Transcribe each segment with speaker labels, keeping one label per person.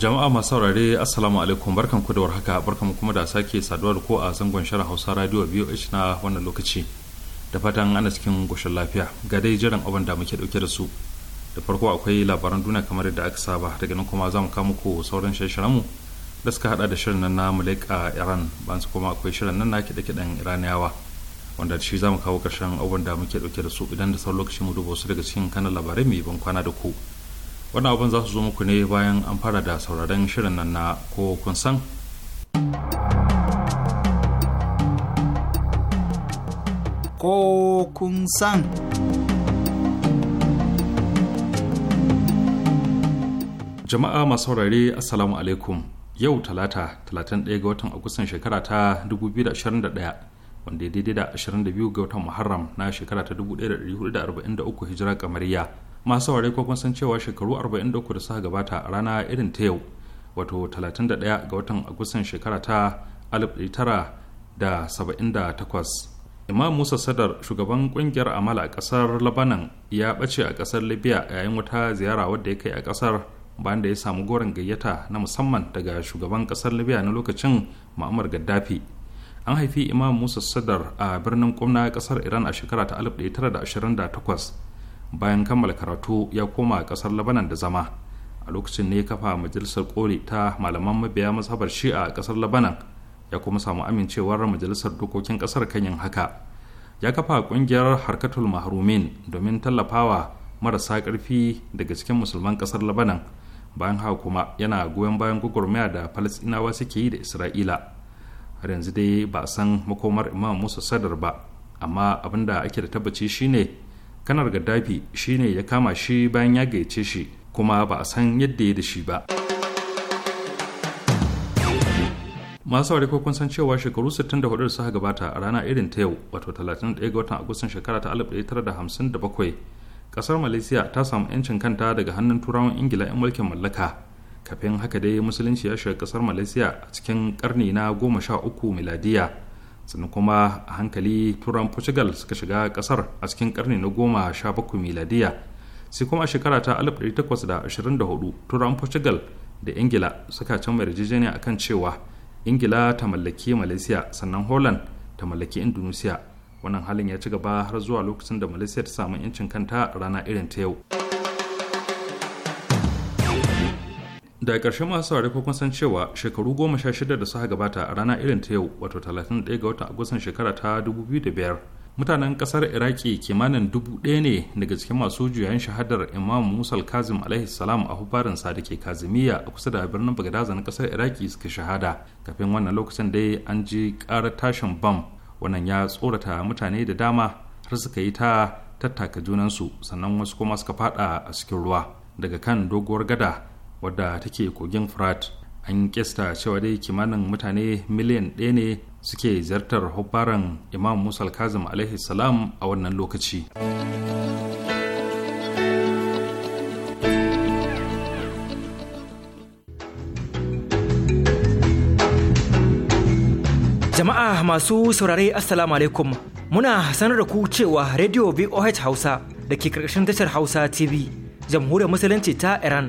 Speaker 1: jama'a masu saurare assalamu alaikum barkan ku da warhaka barkan kuma da sake saduwa da ko a zangon shirin hausa radio voh na wannan lokaci da fatan ana cikin goshin lafiya ga dai jiran abin da muke dauke da su da farko akwai labaran duniya kamar yadda aka saba daga nan kuma za mu kawo muku sauran shirin mu da suka hada da shirin nan na mulika iran bayan su kuma akwai shirin nan na kiɗe-kiɗen iraniyawa wanda shi za mu kawo ƙarshen abin da muke dauke da su idan da sauran lokaci mu duba su daga cikin kanan labarai mai ban kwana da ku. wani abin za su zo muku ne bayan an fara da sauraron shirin nan na ko kun san
Speaker 2: ko kun san
Speaker 1: jama'a masu saurare assalamu alaikum yau talata 31 ga watan agustan shekara ta 2021 wanda ya daidai da 22 ga watan Muharram na shekara ta 1443 hijira kamariya masu ware ko kun san cewa shekaru 43 da suka gabata a rana irin ta yau wato 31 ga watan agustan shekara ta 1978 imam musa sadar shugaban kungiyar amala a kasar labanan ya bace a kasar libya yayin wata ziyara wadda ya kai a kasar bayan da ya samu goron gayyata na musamman daga shugaban kasar libya na lokacin ma'amar gaddafi an haifi imam musa sadar a birnin kumna kasar iran a shekara ta 1928 bayan kammala karatu ya koma kasar labanan da zama a lokacin ne kafa majalisar kori ta malaman mabiya mazhabar shi'a a kasar labanan ya kuma samu amincewar majalisar dokokin kasar kan yin haka ya kafa kungiyar harkatul mahrumin domin tallafawa marasa karfi daga cikin musulman kasar labanan bayan haka kuma yana goyon bayan gwagwarmaya da falasinawa suke yi da isra'ila har yanzu dai ba a san makomar imam musa sadar ba amma abin da ake da tabbaci shine kanar gaddafi shine ya kama shi bayan ya gayyace shi kuma ba a san yadda ya da shi ba masu aure ko kun san cewa shekaru 64 da suka gabata a rana irin ta yau wato 31 ga watan agustan shekara ta 1957 kasar malaysia ta samu 'yancin kanta daga hannun turawan ingila 'yan mulkin mallaka kafin haka dai musulunci ya shiga kasar malaysia a cikin karni na 13 miladiya sannan kuma a hankali turan portugal suka shiga kasar a cikin karni na goma sha bakwai miladiya sai kuma a shekara ta 1824 turan portugal da ingila suka canza yarjejeniya kan cewa ingila ta mallaki malaysia sannan holland ta mallaki indonesia wannan halin ya ci gaba har zuwa lokacin da malaysia ta samu 'yancin kanta rana irin ta yau. da ƙarshe masu saurari ko kun san cewa shekaru goma sha shida da suka gabata a rana irin ta yau wato talatin 31 ga watan agustan shekara ta 2005 mutanen ƙasar iraki kimanin dubu ɗaya ne daga cikin masu juyayen shahadar imam musal kazim alaihi salam a hubarin sa da ke kazimiya a kusa da birnin bagdaza na ƙasar iraki suka shahada kafin wannan lokacin dai an ji ƙarar tashin bam wannan ya tsorata mutane da dama har suka yi ta tattaka junansu sannan wasu kuma suka fada a cikin ruwa daga kan doguwar gada wadda take kogin frat an kista cewa dai kimanin mutane miliyan ɗaya ne suke ziyartar hubbaran imam musa kazim alaihi salam a wannan lokaci
Speaker 3: jama'a masu saurare assalamu alaikum muna sanar da ku cewa radio voh hausa da ke karkashin tashar hausa tv jamhuriyar musulunci ta iran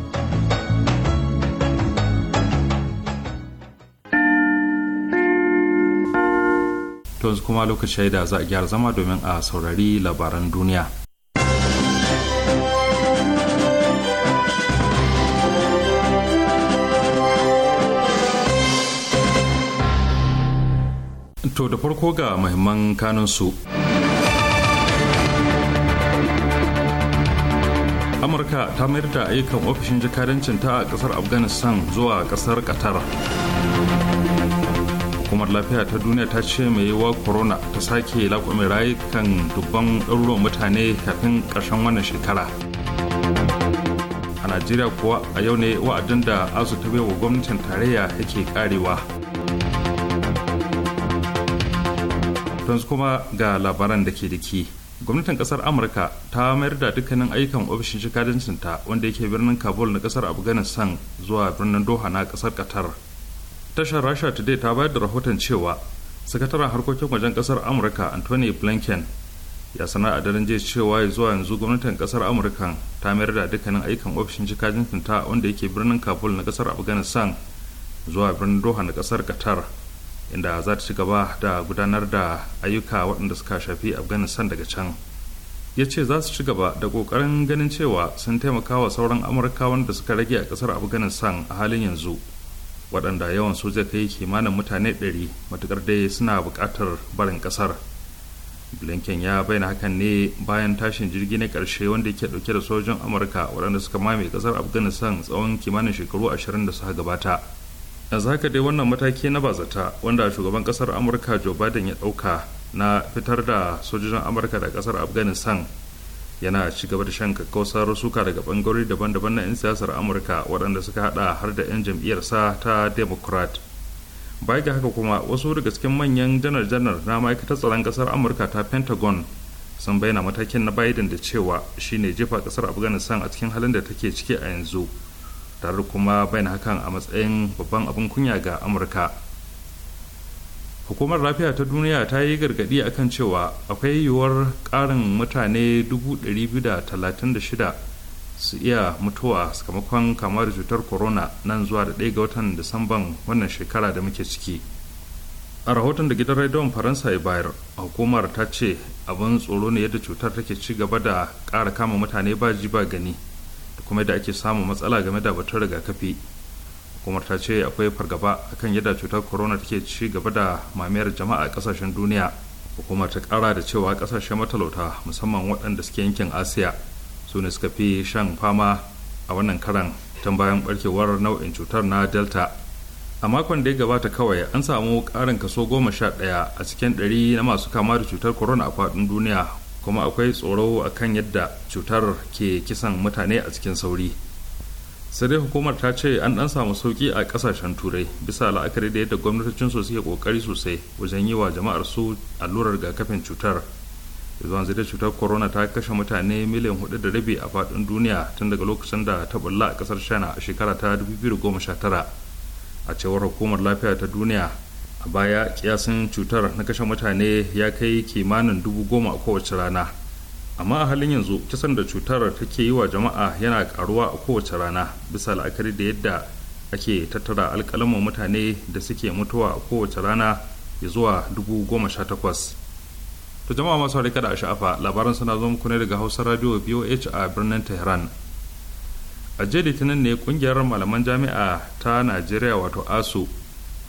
Speaker 1: to yanzu kuma lokaci da za a gyara zama domin a saurari labaran duniya to da farko ga muhimman kanunsu amurka ta mayar da ayyukan ofishin jikadancin ta a kasar afghanistan zuwa kasar qatar hukumar lafiya ta duniya ta ce mai yiwuwa korona ta sake laƙume rayukan dubban ɗaruruwan mutane kafin ƙarshen wannan shekara a najeriya kuwa a yau ne wa'adin da asu ta wa gwamnatin tarayya yake karewa yanzu kuma ga labaran da ke da ke gwamnatin kasar amurka ta mayar da dukkanin ayyukan ofishin jikadancinta wanda yake birnin kabul na kasar afghanistan zuwa birnin doha na kasar qatar tashar rasha today ta bayar da rahoton cewa sakataren harkokin wajen kasar amurka anthony blinken ya sana a daren jiya cewa zuwa yanzu gwamnatin kasar amurka ta mayar da dukkanin ayyukan ofishin jikajin ta wanda yake birnin kabul na kasar afghanistan zuwa birnin doha na kasar qatar inda za ta ci gaba da gudanar da ayyuka waɗanda suka shafi afghanistan daga can ya ce za su ci gaba da ƙoƙarin ganin cewa sun taimaka wa sauran amurka wanda suka rage a ƙasar afghanistan a halin yanzu waɗanda yawan su zai kai kimanin mutane ɗari matuƙar dai suna buƙatar barin ƙasar blinken ya bayyana hakan ne bayan tashin jirgi na ƙarshe wanda yake ɗauke da sojin amurka waɗanda suka mame ƙasar afghanistan tsawon kimanin shekaru ashirin da suka gabata yanzu haka dai wannan mataki na bazata wanda shugaban ƙasar amurka joe biden ya ɗauka na fitar da sojojin amurka da ƙasar afghanistan yana ci gaba da shan kakkausar suka daga bangarori daban-daban na 'yan siyasar amurka waɗanda suka hada har da 'yan jam'iyyarsa ta democrat bai ga haka kuma wasu daga cikin manyan janar-janar na ma'aikatar tsaron ƙasar amurka ta pentagon sun bayyana matakin na biden da cewa shine jefa ƙasar afghanistan a cikin halin da take ciki a yanzu tare kuma bayyana hakan a matsayin babban abin kunya ga amurka hukumar lafiya ta duniya ta yi gargadi akan cewa akwai yiwuwar ƙarin mutane 236 su iya mutuwa sakamakon kamar cutar corona nan zuwa da ɗaya ga watan disamban wannan shekara da muke ciki a rahoton da gidan rediyon faransa ya bayar hukumar ta ce abin tsoro ne yadda cutar take ci gaba da kara kama mutane ba ji ba gani da kuma da ake samun matsala game da batun rigakafi hukumar ta ce akwai fargaba akan yadda cutar corona take ci gaba da mamayar jama'a kasashen duniya hukumar ta kara da cewa kasashen matalauta musamman waɗanda suke yankin asiya su ne suka fi shan fama a wannan karan tun bayan barkewar nau'in cutar na delta a makon da ya gabata kawai an samu karin kaso goma sha ɗaya a cikin ɗari na masu kama da cutar corona a faɗin duniya kuma akwai tsoro akan yadda cutar ke kisan mutane a cikin sauri sai dai hukumar ta ce an dan samu sauki a kasashen turai bisa la'akari da yadda su suke kokari sosai wajen yi wa jama'ar su allurar rigakafin cutar yanzu da cutar corona ta kashe mutane miliyan hudu da rabi a faɗin duniya tun daga lokacin da ta bulla a kasar china a shekara ta 2019 a cewar hukumar lafiya ta duniya a baya kiyasin cutar na kashe mutane ya kai kimanin dubu goma a kowace rana amma a halin yanzu kisan da cutar take yi wa jama'a yana karuwa a kowace rana bisa la'akari da yadda ake tattara alkalamin mutane da suke mutuwa a kowace rana ya zuwa dubu goma sha takwas to jama'a masu harika da sha'afa labaran suna zo muku ne daga hausa radio voh a birnin tehran a jiya litinin ne kungiyar malaman jami'a ta najeriya wato asu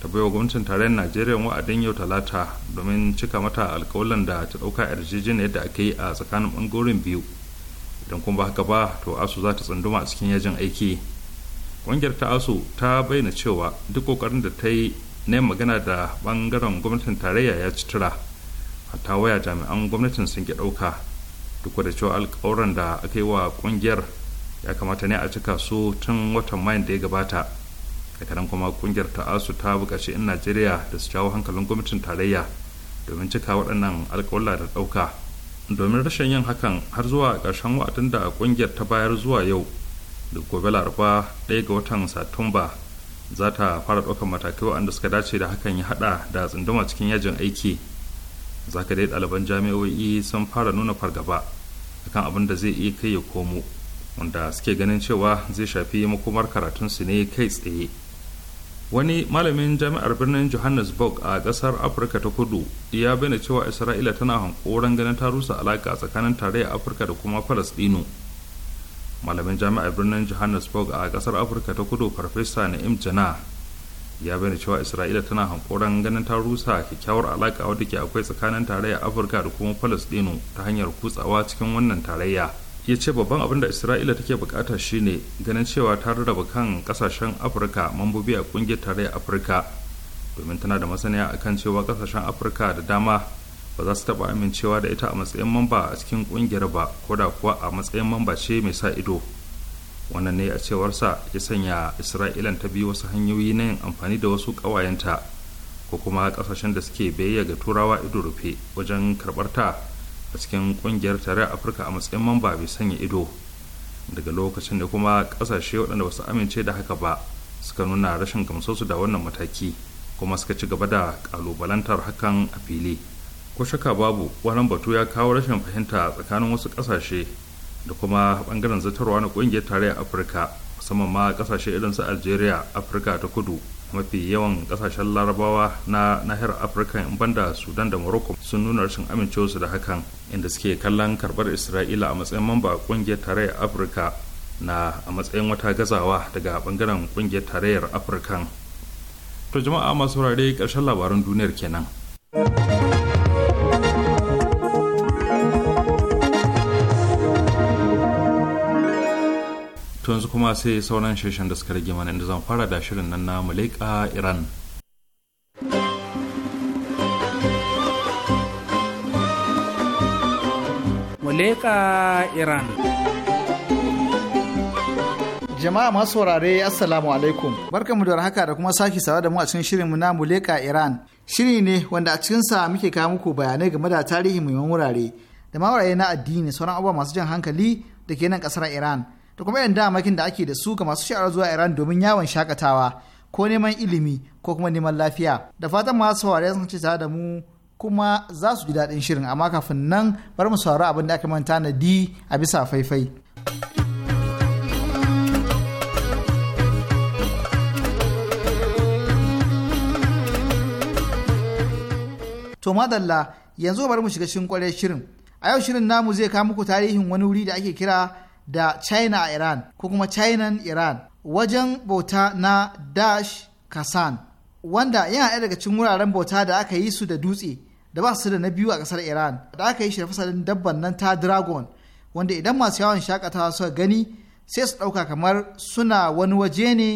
Speaker 1: ta baiwa gwamnatin tarayyar najeriya wa'adin yau talata domin cika mata alkawalin da ta dauka yarjejeniyar da aka yi a tsakanin bangoren biyu idan kuma ba haka ba to asu za ta tsunduma a cikin yajin aiki ƙungiyar ta asu ta bayyana cewa duk ƙoƙarin da ta yi na magana da bangaren gwamnatin tarayya ya ci tura ta waya jami'an gwamnatin sun ki ɗauka duk da cewa alkawuran da aka yi wa ƙungiyar ya kamata ne a cika su tun watan mayan da ya gabata daga kuma kungiyar ta asu ta bukaci in najeriya da su jawo hankalin gwamnatin tarayya domin cika waɗannan alkawalla da ɗauka domin rashin yin hakan har zuwa ƙarshen wa'adin da kungiyar ta bayar zuwa yau da gobe laraba ɗaya ga watan satumba za ta fara ɗaukar matakai waɗanda suka dace da hakan ya haɗa da tsunduma cikin yajin aiki za zaka dai ɗaliban jami'o'i sun fara nuna fargaba akan abin da zai iya kai ya komo wanda suke ganin cewa zai shafi makomar karatunsu ne kai tsaye wani malamin jami'ar birnin johannesburg a kasar afirka ta kudu ya bayyana cewa isra'ila tana hankoran ganin ta rusa alaka tsakanin tarayyar afirka da kuma falasdino malamin jami'ar birnin johannesburg a kasar afirka ta kudu farfesa na jana ya bayyana cewa isra'ila tana hankoran ganin ta rusa kyakkyawar alaka wadda ke akwai tsakanin tarayyar afirka da kuma falasdino ta hanyar kutsawa cikin wannan tarayya ya ce babban abin da isra'ila take bukata shine ganin cewa ta rarraba kan kasashen afirka mambobi a kungiyar tarayyar afirka domin tana da masaniya kan cewa kasashen afirka da dama ba za su taba amincewa da ita a matsayin mamba a cikin kungiyar ba ko da kuwa a matsayin mamba ce mai sa ido wannan ne a cewarsa ya sanya isra'ilan ta bi wasu hanyoyi na yin amfani da wasu ƙawayenta ko kuma kasashen da suke biyayya ga turawa ido rufe wajen karɓar ta a cikin kungiyar tarayyar afirka a matsayin mamba bai sanya ido daga lokacin da kuma kasashe waɗanda basu amince da haka ba suka nuna rashin gamsosu da wannan mataki kuma suka ci gaba da kalubalantar hakan a fili ko shaka babu wannan batu ya kawo rashin fahimta tsakanin wasu kasashe da kuma bangaren zatarwa na kungiyar tarayyar afirka musamman ma kasashe irin su algeria afirka ta kudu mafi yawan kasashen larabawa na nahiyar afirka in banda sudan da morocco sun nuna rashin amincewarsu da hakan inda suke kallon karbar isra'ila a matsayin mamba kungiyar tarayyar afirka na a matsayin wata gazawa daga bangaren kungiyar tarayyar afirka to jama'a masu rare karshen labaran duniyar kenan to yanzu kuma sai sauran sheshen da suka rage mana inda zan fara da shirin nan na muleka iran
Speaker 2: muleka iran jama'a masu saurare assalamu alaikum barkanmu da haka da kuma sake sawa da mu a cikin shirinmu na muleka iran shiri ne wanda a cikinsa muke kawo muku bayanai game da tarihi muhimman wurare da mawaraye na addini sauran abubuwa masu jan hankali da ke nan kasar iran da kuma irin damakin da ake da su ga masu sha'ar zuwa iran domin yawon shakatawa ko neman ilimi ko kuma neman lafiya da fatan masu saurare sun ce tare da mu kuma za su ji daɗin shirin amma kafin nan bar mu saurari abin da aka manta na di a bisa faifai. To madalla yanzu bari mu shiga cikin kware shirin. A yau shirin namu zai kawo muku tarihin wani wuri da ake kira da China a Iran ko kuma China Iran wajen bauta na Dash Kasan wanda yana ɗaya daga cikin wuraren bauta da aka yi su da dutse da ba su da na biyu a kasar iran da aka yi shi da fasalin dabban nan ta dragon wanda idan masu yawon shakatawa suka gani sai su ɗauka kamar suna wani waje ne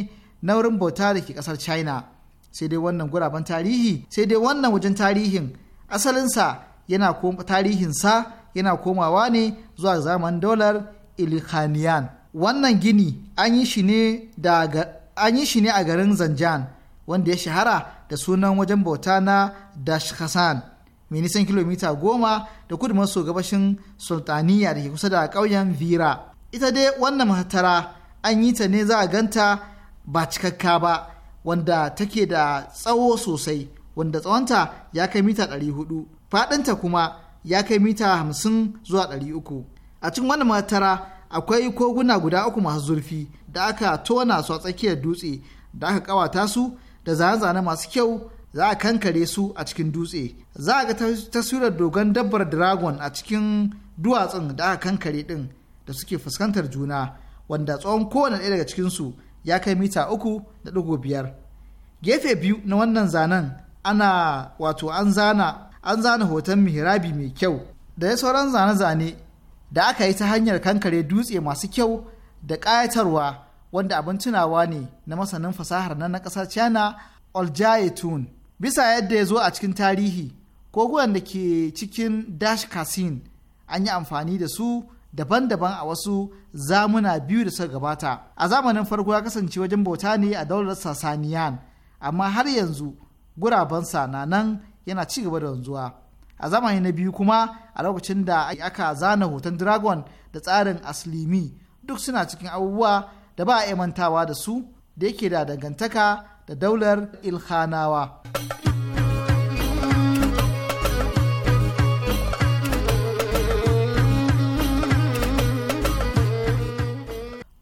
Speaker 2: na wurin bauta da ke kasar china sai dai wannan guraben tarihi sai dai wannan wajen tarihin asalinsa yana tarihinsa yana komawa ne zuwa zaman dolar ilkhaniyan wannan gini an yi shi ne a garin zanjan wanda ya shahara da sunan wajen bauta na dashkasan mai nisan kilomita goma da kudu maso gabashin sultaniya da ke kusa da ƙauyen vira ita dai wannan mahatara an yi ta ne za a ganta ba cikakka ba wanda take da tsawo sosai wanda tsawonta ya kai mita 400 faɗinta kuma ya kai mita 50 zuwa 300 a cikin wannan mahatara akwai koguna guda uku masu zurfi da aka tona su a tsakiyar dutse da aka kawata su da zane-zane masu kyau za a kankare su a cikin dutse za a ga taswirar dogon dabbar dragon a cikin duwatsun da aka kankare din da suke fuskantar juna wanda tsawon kowane ɗaya daga cikinsu ya kai mita uku da ɗigo biyar gefe biyu na wannan zanen ana wato an zana an zana hoton mihrabi mai kyau da ya sauran zane-zane da aka yi ta hanyar kankare dutse masu kyau da ƙayatarwa wanda abin tunawa ne na masanin fasahar nan na ƙasar china oljaye tun bisa yadda ya zo a cikin tarihi koguwan da ke cikin dash kasin an yi amfani da su daban-daban a wasu zamuna biyu da suka gabata a zamanin farko ya kasance wajen bauta ne a daular sasaniyan amma har yanzu gurabansa na nan yana ci gaba da wanzuwa a zamani na biyu kuma a lokacin da aka zana hoton dragon da tsarin aslimi duk suna cikin abubuwa da ba a mantawa da su da yake da dangantaka da daular ilhanawa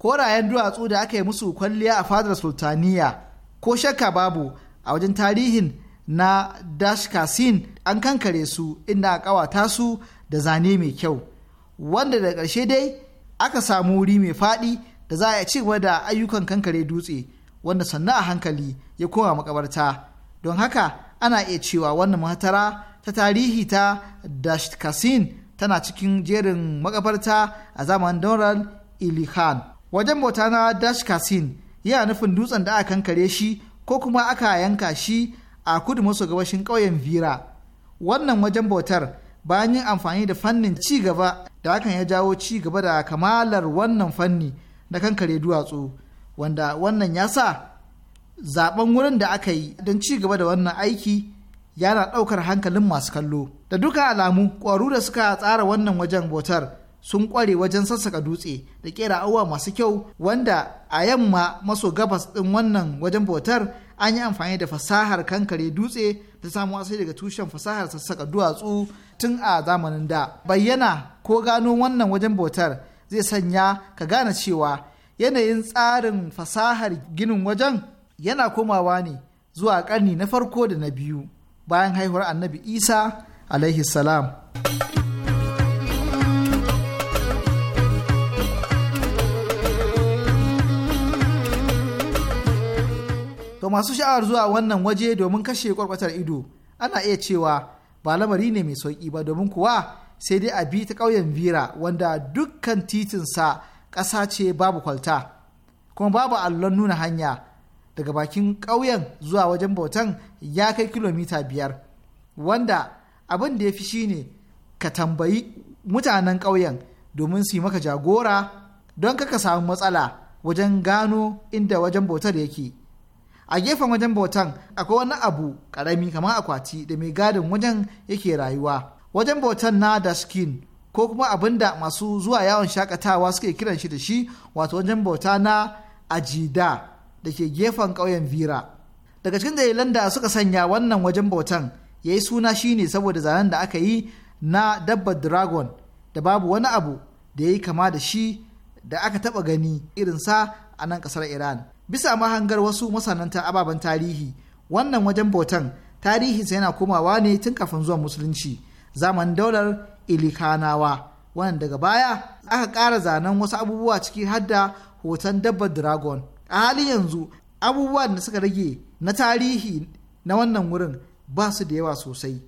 Speaker 2: korayen duwatsu da aka yi musu kwalliya a fadar sultaniya ko shakka babu a wajen tarihin na dashkasin an kankare su inda a kawata su da zane mai kyau wanda da ƙarshe dai aka samu wuri mai faɗi da za a ci gaba da ayyukan kankare dutse wanda sannu a hankali ya koma makabarta don haka ana iya cewa wannan mahatara ta tarihi ta dashkasin tana cikin jerin makabarta a zamanin donald Ilihan. wajen bauta na dash kasin yana nufin dutsen da aka kankare shi ko kuma aka yanka shi a kudu maso gabashin ƙauyen vira wannan wajen bautar bayan yin amfani da fannin ci gaba da hakan ya jawo ci gaba da kamalar wannan fanni na kankare duwatsu wanda wannan ya sa zaben wurin da aka yi don ci gaba da wannan aiki yana ɗaukar hankalin masu kallo da duka alamu ƙwaru da suka tsara wannan wajen bautar sun kware wajen sassaka dutse da ƙera awa masu kyau wanda a yamma maso gabas ɗin wannan wajen bautar an yi amfani da fasahar kankare dutse ta samu asali daga tushen fasahar sassaka duwatsu tun a zamanin da bayyana ko gano wannan wajen bautar zai sanya ka gane cewa yanayin tsarin fasahar ginin wajen yana komawa ne zuwa ƙarni na farko da na biyu bayan haihuwar annabi isa alaihi salam. to masu sha'awar zuwa wannan waje domin kashe kwarkwatar ido ana iya cewa ba lamari ne mai sauƙi ba domin kuwa sai dai a bi ta ƙauyen vira wanda dukkan titinsa ƙasa ce babu kwalta kuma babu allon nuna hanya daga bakin ƙauyen zuwa wajen bautan ya kai kilomita biyar wanda abin da ya fi shine ka tambayi mutanen ƙauyen domin su yi maka jagora don kaka samu matsala wajen gano inda wajen bautar yake. a gefen wajen bautan akwai wani abu karami kamar akwati da mai gadin wajen yake rayuwa wajen bautan na da skin ko kuma abin da masu zuwa yawon shakatawa suke kiran shi da shi wato wajen bauta na ajida da ke gefen ƙauyen vira daga cikin dalilan da suka sanya wannan wajen bautan ya yi suna shine saboda zanen da aka yi na dabbar dragon da babu wani abu da ya yi kama da shi da aka taɓa gani irinsa a nan ƙasar iran bisa mahangar wasu masananta ababen tarihi wannan wajen bautan tarihinsa yana komawa ne tun kafin zuwan musulunci zaman daular ilikanawa wannan daga baya aka ƙara zanen wasu abubuwa ciki har hoton dabbar dragon a halin yanzu abubuwan da suka rage na tarihi na wannan wurin ba su da yawa sosai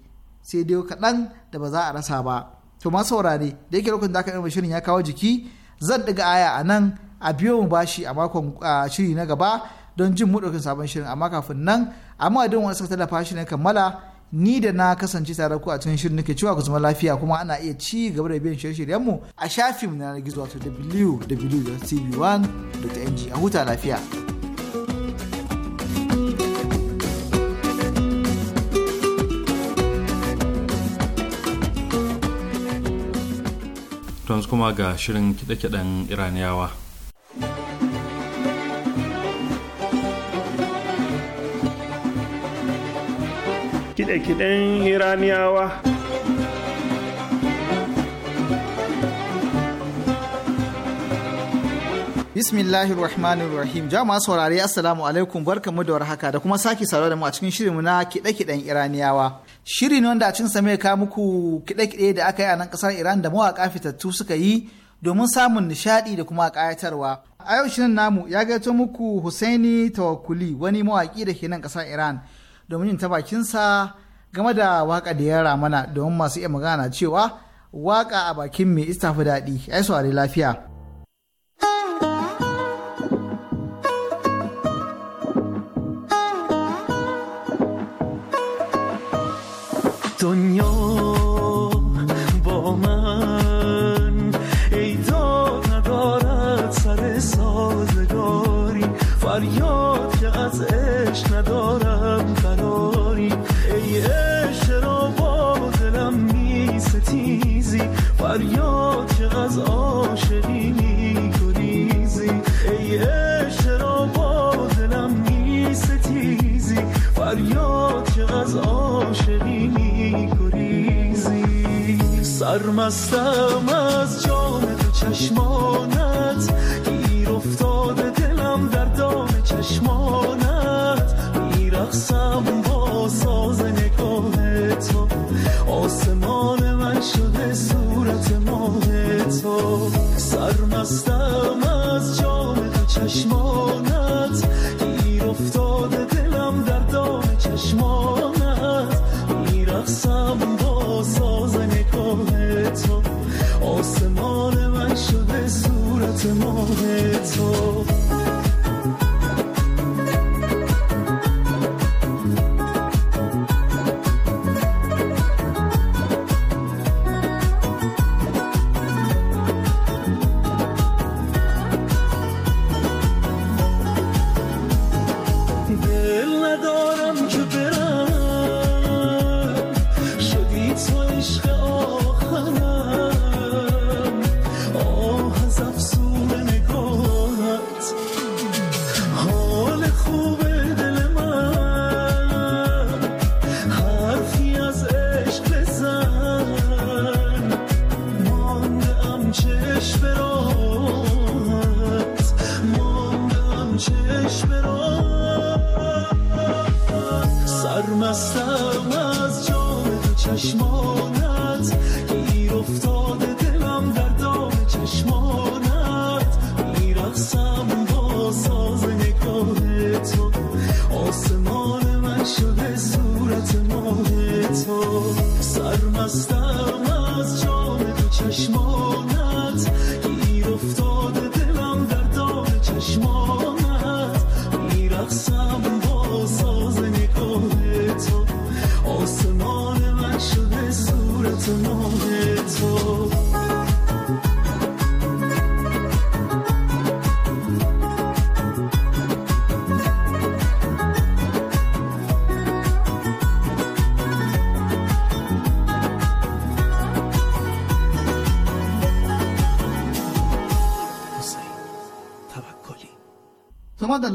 Speaker 2: sai dai kaɗan da ba za a rasa ba to ma saurare da yake lokacin da aka shirin ya kawo jiki zan ɗiga aya a nan a biyo mu bashi a makon shiri na gaba don jin mu sabon shirin amma kafin nan amma don wani suka tallafa shi ne kammala ni da na kasance tare ku a cikin shirin nake cewa ku zama lafiya kuma ana iya ci gaba da biyan shirye-shiryen mu a shafin na gizo wato www.tv1.ng a huta lafiya.
Speaker 1: Tons kuma ga shirin kiɗe-kiɗen iraniyawa kide-kiden
Speaker 2: iraniyawa bismillahir rahmanir rahim jama saurare assalamu alaikum barkamu da warhaka da kuma sake saurare da mu a cikin shirinmu na kide-kiden iraniyawa shiri ne wanda a cikin mai ka muku kide-kide da aka yi a nan kasar iran da mawaka fitattu suka yi domin samun nishadi da kuma kayatarwa a yau shirin namu ya gaito muku husaini tawakuli wani mawaki da ke nan kasar iran domin yin ta bakinsa game da waka da yara mana domin masu iya magana cewa waka a bakin mai istafi daɗi ai saurari lafiya.
Speaker 4: دنیا با فریاد که از عاشقی میگریزی ای عشق را با دلم میستیزی فریاد که از عاشقی میگریزی سرمستم از جان تو چشمانم چشمانت گیر افتاده دلم در دام چشمانت میرقصم با ساز نگاه تو آسمان من شده صورت ماه تو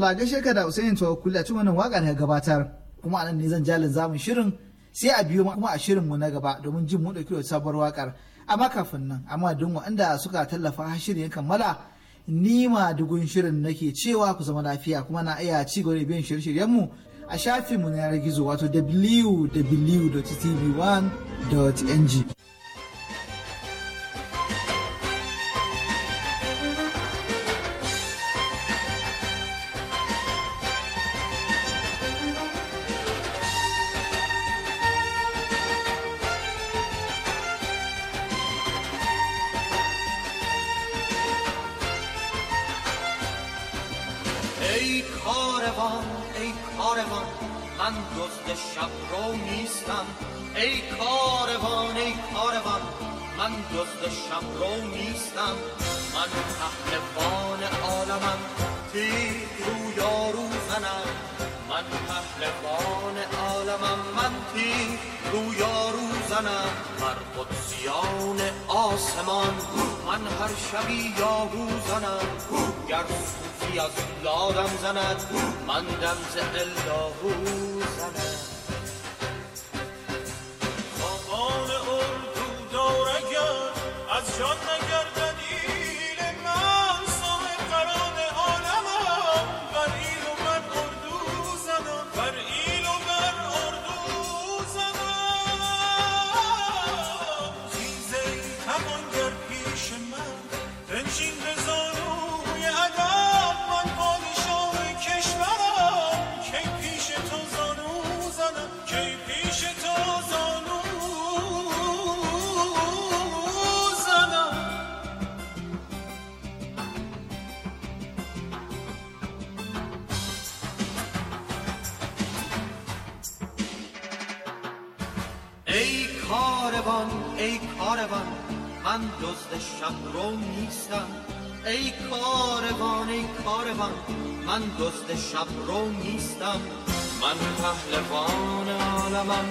Speaker 2: ba gaishe shirka da Usaini Tawakkuli a cikin wannan waka da gabatar kuma anan ne zan jalin zamun shirin sai a biyo kuma a shirin mu na gaba domin jin mu dauki sabuwar wakar amma kafin nan amma don waɗanda suka tallafa a shirin kammala ni ma dugun shirin nake cewa ku zama lafiya kuma na iya ci gaba da biyan shirye-shiryen mu a shafin mu na yanar gizo wato www.tv1.ng
Speaker 5: من پهلوان عالمم من تیر رو یارو زنم بر قدسیان آسمان من هر شبی یاهو زنم گر صوفی از لادم زند من دم ز اللهو
Speaker 3: زنم
Speaker 4: خوابان اردو از جان نگرد
Speaker 5: کاروان ای کاروان من دزد شب رو نیستم ای کاروان ای کاروان من دزد شب رو نیستم من پهلوان عالمم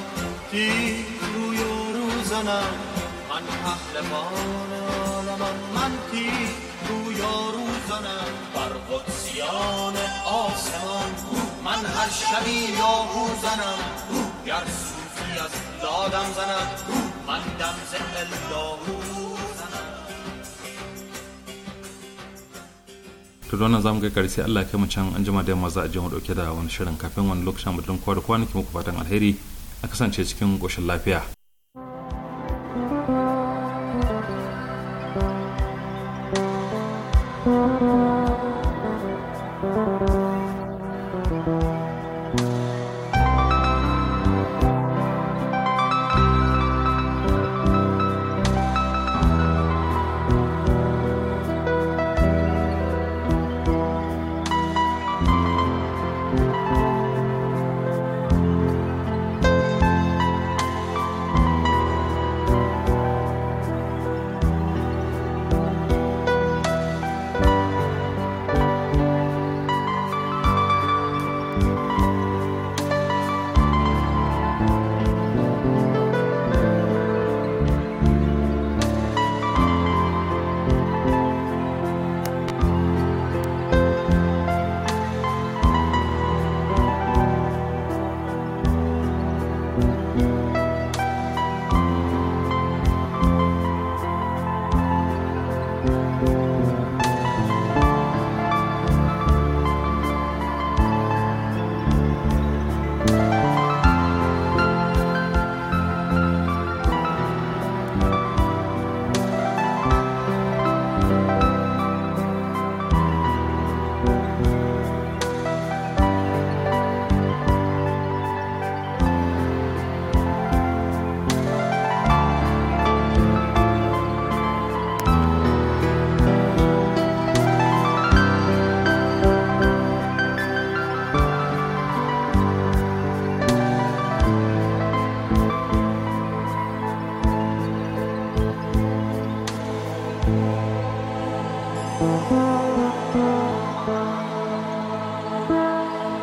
Speaker 5: تیر روی و روزنم من پهلوان عالمم من تیر روی و روزنم بر قدسیان آسمان من هر شبی یا روزنم گر صوفی از Adamsana, mandamse
Speaker 1: to don nan zamu ga karshe Allah kai mu can an jima da yamma a je mu dauke da wani shirin kafin wani lokacin mu don kwa kwanaki muku fatan alheri a kasance cikin koshin lafiya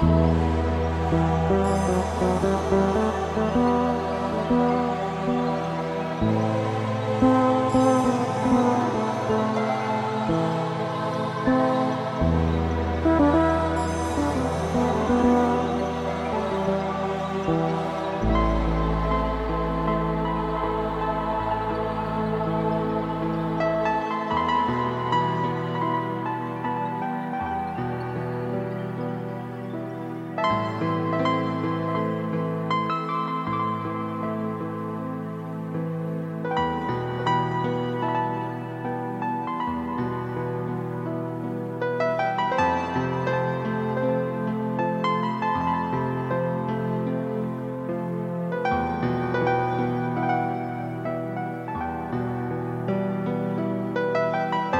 Speaker 4: Thank you.